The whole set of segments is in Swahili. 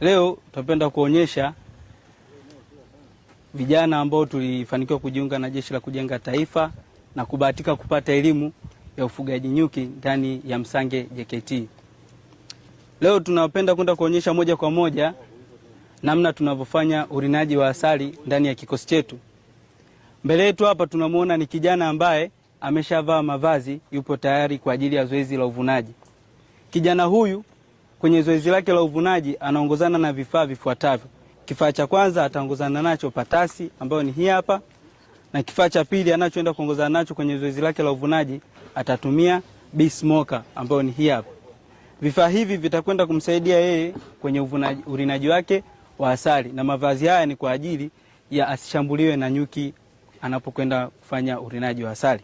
Leo tutapenda kuonyesha vijana ambao tulifanikiwa kujiunga na Jeshi la Kujenga Taifa na kubahatika kupata elimu ya ufugaji nyuki ndani ya Msange JKT. Leo tunapenda kwenda kuonyesha moja kwa moja namna tunavyofanya urinaji wa asali ndani ya kikosi chetu. Mbele yetu hapa tunamwona ni kijana ambaye ameshavaa mavazi, yupo tayari kwa ajili ya zoezi la uvunaji. Kijana huyu Kwenye zoezi lake la uvunaji anaongozana na vifaa vifuatavyo. Kifaa cha kwanza ataongozana nacho patasi ambayo ni hii hapa, na kifaa cha pili anachoenda kuongozana nacho kwenye zoezi lake la uvunaji atatumia bee smoker ambayo ni hii hapa. Vifaa hivi vitakwenda kumsaidia yeye kwenye uvunaji, urinaji wake wa asali, na mavazi haya ni kwa ajili ya asishambuliwe na nyuki anapokwenda kufanya urinaji wa asali.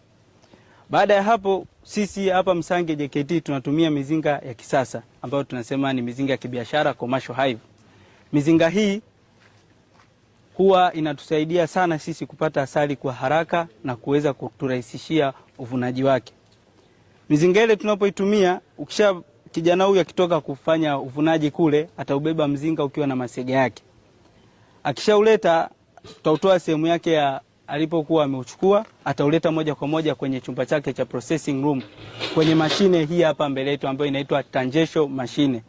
Baada ya hapo sisi hapa Msange JKT tunatumia mizinga ya kisasa ambayo tunasema ni mizinga ya kibiashara commercial hive. Mizinga hii huwa inatusaidia sana sisi kupata asali kwa haraka na kuweza kuturahisishia uvunaji wake. Mizinga ile tunapoitumia, ukisha kijana huyu akitoka kufanya uvunaji kule, ataubeba mzinga ukiwa na masega yake. Akishauleta tutautoa sehemu yake ya alipokuwa ameuchukua atauleta moja kwa moja kwenye chumba chake cha processing room kwenye mashine hii hapa mbele yetu ambayo inaitwa tanjesho mashine.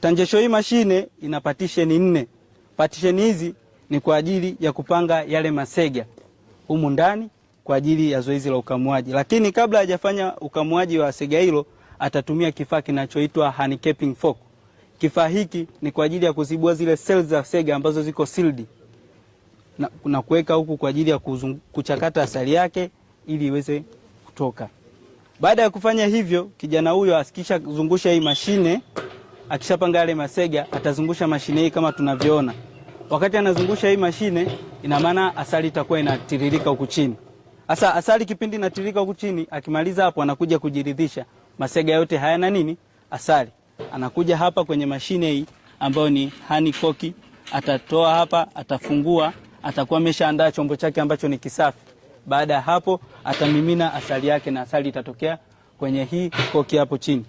Tanjesho hii mashine ina partition nne. Partition hizi ni kwa ajili ya kupanga yale masega humu ndani kwa ajili ya zoezi la ukamuaji, lakini kabla hajafanya ukamuaji wa sega hilo atatumia kifaa kinachoitwa handicapping fork. Kifaa hiki ni kwa ajili ya kuzibua zile cells za sega ambazo ziko sealed na, na kuweka huku kwa ajili ya kuchakata asali yake ili iweze kutoka. Baada ya kufanya hivyo, kijana huyo akisha zungusha hii mashine, akishapanga yale masega, atazungusha mashine hii kama tunavyoona. Wakati anazungusha hii mashine, ina maana asali itakuwa inatiririka huku chini. Sasa asali kipindi inatiririka huku chini, akimaliza hapo anakuja kujiridhisha masega yote hayana nini asali. Anakuja hapa kwenye mashine hii ambayo ni hani koki, atatoa hapa, atafungua atakuwa ameshaandaa chombo chake ambacho ni kisafi. Baada ya hapo, atamimina asali yake na asali itatokea kwenye hii koki hapo chini.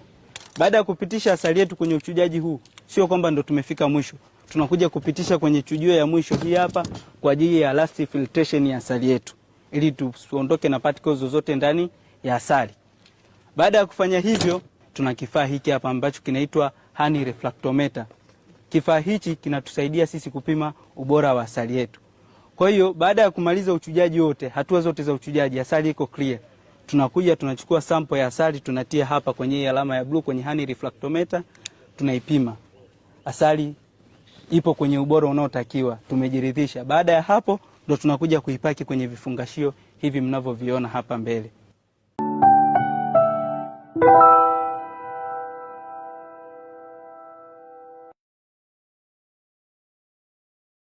Baada ya kupitisha asali yetu kwenye uchujaji huu, sio kwamba ndo tumefika mwisho, tunakuja kupitisha kwenye chujio ya mwisho hii hapa kwa ajili ya last filtration ya asali yetu, ili tuondoke na particles zozote ndani ya asali. Baada ya kufanya hivyo, tuna kifaa hiki hapa ambacho kinaitwa honey refractometer. Kifaa hichi kinatusaidia sisi kupima ubora wa asali yetu. Kwa hiyo baada ya kumaliza uchujaji wote, hatua zote za uchujaji, asali iko clear, tunakuja tunachukua sample ya asali tunatia hapa kwenye hii alama ya blue kwenye honey refractometer, tunaipima asali ipo kwenye ubora unaotakiwa, tumejiridhisha. Baada ya hapo, ndo tunakuja kuipaki kwenye vifungashio hivi mnavyoviona hapa mbele.